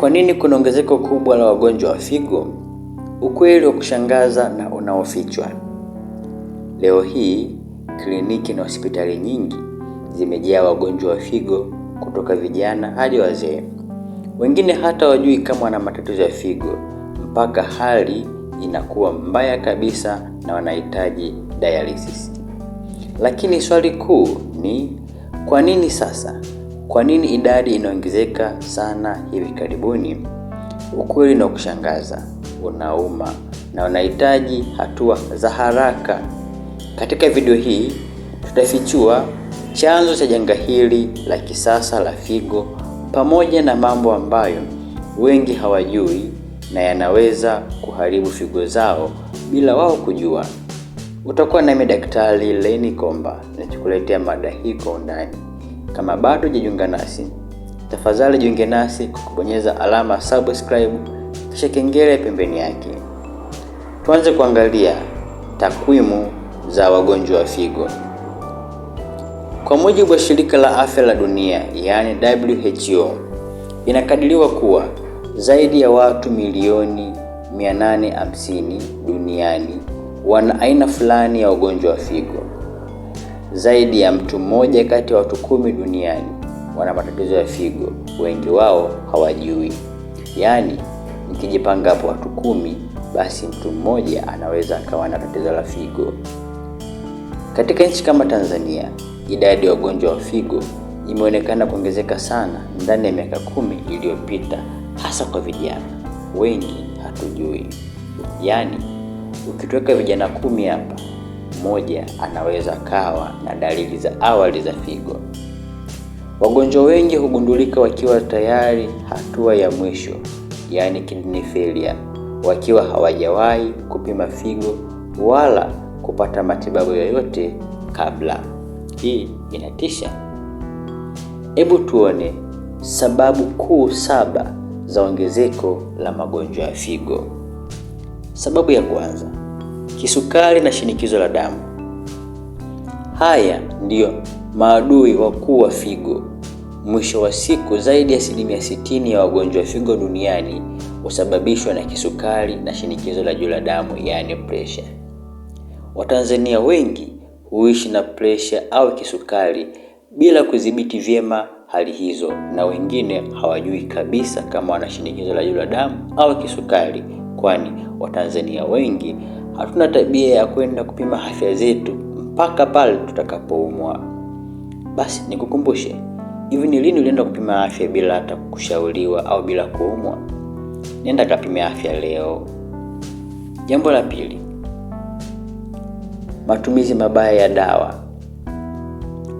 Kwa nini kuna ongezeko kubwa la wagonjwa wa figo? Ukweli wa kushangaza na unaofichwa. Leo hii kliniki na hospitali nyingi zimejaa wagonjwa wa figo kutoka vijana hadi wazee. Wengine hata wajui kama wana matatizo ya figo mpaka hali inakuwa mbaya kabisa na wanahitaji dialysis. Lakini swali kuu ni kwa nini sasa? Kwa nini idadi inaongezeka sana hivi karibuni? Ukweli na kushangaza unauma na unahitaji hatua za haraka. Katika video hii tutafichua chanzo cha janga hili la kisasa la figo pamoja na mambo ambayo wengi hawajui na yanaweza kuharibu figo zao bila wao kujua. Utakuwa nami Daktari Leni Komba, nachokuletea mada hii kwa undani. Kama bado hujajiunga nasi, tafadhali jiunge nasi kwa kubonyeza alama subscribe kisha kengele pembeni yake. Tuanze kuangalia takwimu za wagonjwa wa figo. Kwa mujibu wa shirika la afya la dunia, yaani WHO, inakadiriwa kuwa zaidi ya watu milioni 850 duniani wana aina fulani ya ugonjwa wa figo. Zaidi ya mtu mmoja kati ya watu kumi duniani wana matatizo ya figo, wengi wao hawajui. Yaani, nikijipanga hapo watu kumi, basi mtu mmoja anaweza akawa na tatizo la figo. Katika nchi kama Tanzania, idadi ya wagonjwa wa figo imeonekana kuongezeka sana ndani ya miaka kumi iliyopita, hasa kwa vijana. Wengi hatujui, yaani ukitweka vijana kumi hapa mmoja anaweza kawa na dalili za awali za figo. Wagonjwa wengi hugundulika wakiwa tayari hatua ya mwisho, yaani kidney failure, wakiwa hawajawahi kupima figo wala kupata matibabu yoyote kabla. Hii inatisha. Hebu tuone sababu kuu saba za ongezeko la magonjwa ya figo. Sababu ya kwanza, kisukari na shinikizo la damu. Haya ndiyo maadui wakuu wa figo. Mwisho wa siku, zaidi ya asilimia sitini ya wagonjwa wa figo duniani husababishwa na kisukari na shinikizo la juu la damu, yaani pressure. Watanzania wengi huishi na pressure au kisukari bila kudhibiti vyema hali hizo, na wengine hawajui kabisa kama wana shinikizo la juu la damu au kisukari, kwani Watanzania wengi Hatuna tabia ya kwenda kupima afya zetu mpaka pale tutakapoumwa. Basi nikukumbushe, hivi ni lini ulienda kupima afya bila hata kushauriwa au bila kuumwa? Nenda kapime afya leo. Jambo la pili, matumizi mabaya ya dawa.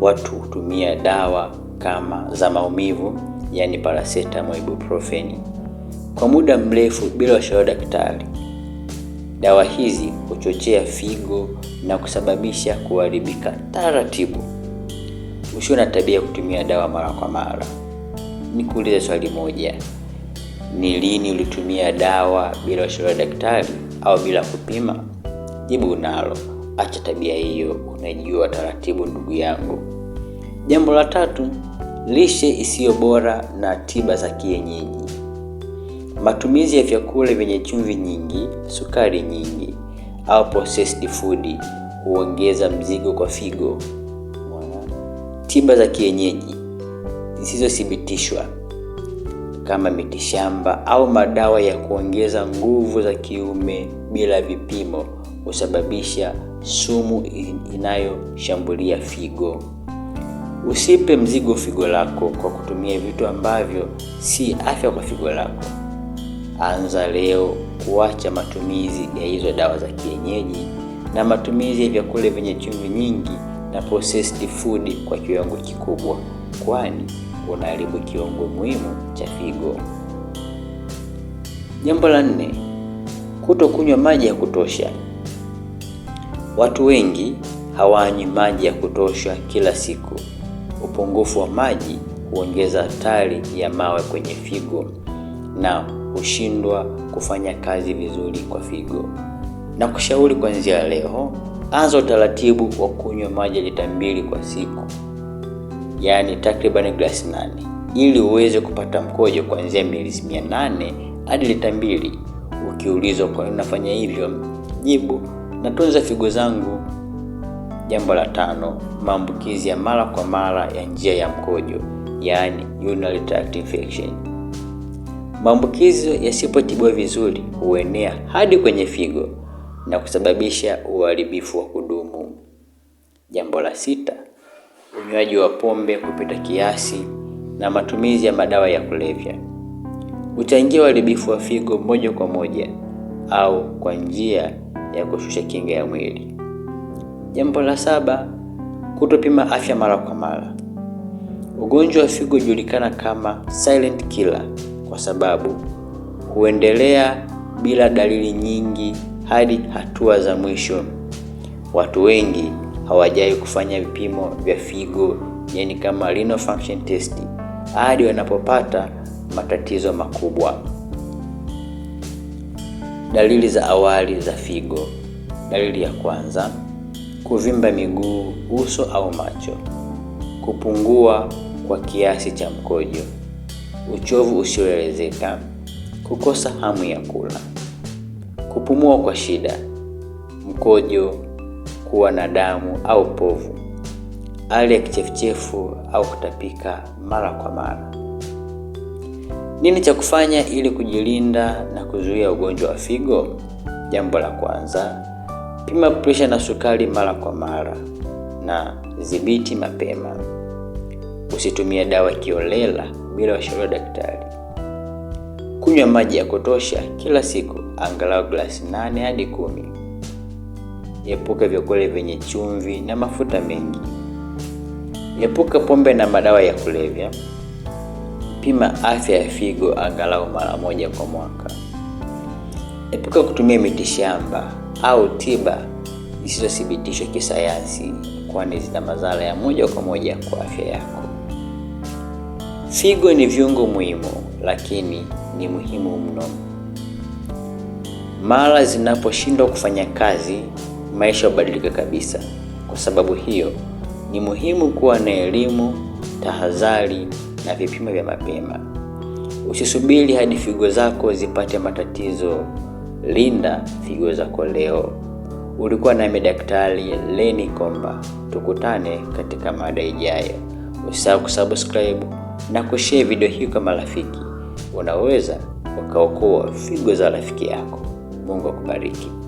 Watu hutumia dawa kama za maumivu, yaani paracetamol, ibuprofeni kwa muda mrefu bila ushauri wa daktari. Dawa hizi huchochea figo na kusababisha kuharibika taratibu. Usio na tabia ya kutumia dawa mara kwa mara. Nikuulize swali moja, ni lini ulitumia dawa bila ushauri wa daktari au bila kupima? Jibu unalo. Acha tabia hiyo, unajua taratibu, ndugu yangu. Jambo la tatu, lishe isiyo bora na tiba za kienyeji. Matumizi ya vyakula vyenye chumvi nyingi, sukari nyingi au processed food huongeza mzigo kwa figo. Tiba za kienyeji zisizothibitishwa kama mitishamba au madawa ya kuongeza nguvu za kiume bila vipimo husababisha sumu inayoshambulia figo. Usipe mzigo figo lako kwa kutumia vitu ambavyo si afya kwa figo lako anza leo kuacha matumizi ya hizo dawa za kienyeji na matumizi ya vyakula vyenye chumvi nyingi na processed food kwa kiwango kikubwa, kwani unaharibu kiwango muhimu cha figo. Jambo la nne, kutokunywa maji ya kutosha. Watu wengi hawanywi maji ya kutosha kila siku. Upungufu wa maji huongeza hatari ya mawe kwenye figo na hushindwa kufanya kazi vizuri kwa figo. Na kushauri kuanzia leo, anza utaratibu wa kunywa maji lita mbili kwa siku, yaani takriban glasi nane, ili uweze kupata mkojo kuanzia mililita mia nane hadi lita mbili. Ukiulizwa kwa nini nafanya hivyo, jibu natunza figo zangu. Jambo la tano, maambukizi ya mara kwa mara ya njia ya mkojo, yaani urinary tract infection. Maambukizo yasipotibiwa vizuri huenea hadi kwenye figo na kusababisha uharibifu wa kudumu. Jambo la sita, unywaji wa pombe kupita kiasi na matumizi ya madawa ya kulevya huchangia uharibifu wa figo moja kwa moja au kwa njia ya kushusha kinga ya mwili. Jambo la saba, kutopima afya mara kwa mara. Ugonjwa wa figo hujulikana kama silent killer kwa sababu huendelea bila dalili nyingi hadi hatua za mwisho. Watu wengi hawajai kufanya vipimo vya figo, yani kama renal function test, hadi wanapopata matatizo makubwa. Dalili za awali za figo. Dalili ya kwanza, kuvimba miguu, uso au macho, kupungua kwa kiasi cha mkojo uchovu usioelezeka, kukosa hamu ya kula, kupumua kwa shida, mkojo, kuwa na damu au povu, hali ya kichefuchefu au kutapika mara kwa mara. Nini cha kufanya ili kujilinda na kuzuia ugonjwa wa figo? Jambo la kwanza, pima presha na sukari mara kwa mara na dhibiti mapema. Usitumie dawa kiolela bila ushauri wa daktari. Kunywa maji ya kutosha kila siku, angalau glasi nane hadi kumi. Epuka vyakula vyenye chumvi na mafuta mengi. Epuka pombe na madawa ya kulevya. Pima afya ya figo angalau mara moja kwa mwaka. Epuka kutumia mitishamba au tiba zisizothibitishwa kisayansi, kwani zina madhara ya moja kwa moja kwa afya yako. Figo ni viungo muhimu, lakini ni muhimu mno. Mara zinaposhindwa kufanya kazi, maisha hubadilika kabisa. Kwa sababu hiyo, ni muhimu kuwa na elimu, tahadhari na vipimo vya mapema. Usisubiri hadi figo zako zipate matatizo. Linda figo zako leo. Ulikuwa nami Daktari Lenny Komba, tukutane katika mada ijayo. Usisahau kusubscribe na kushare video hii kwa marafiki. Unaweza ukaokoa figo za rafiki yako. Mungu akubariki.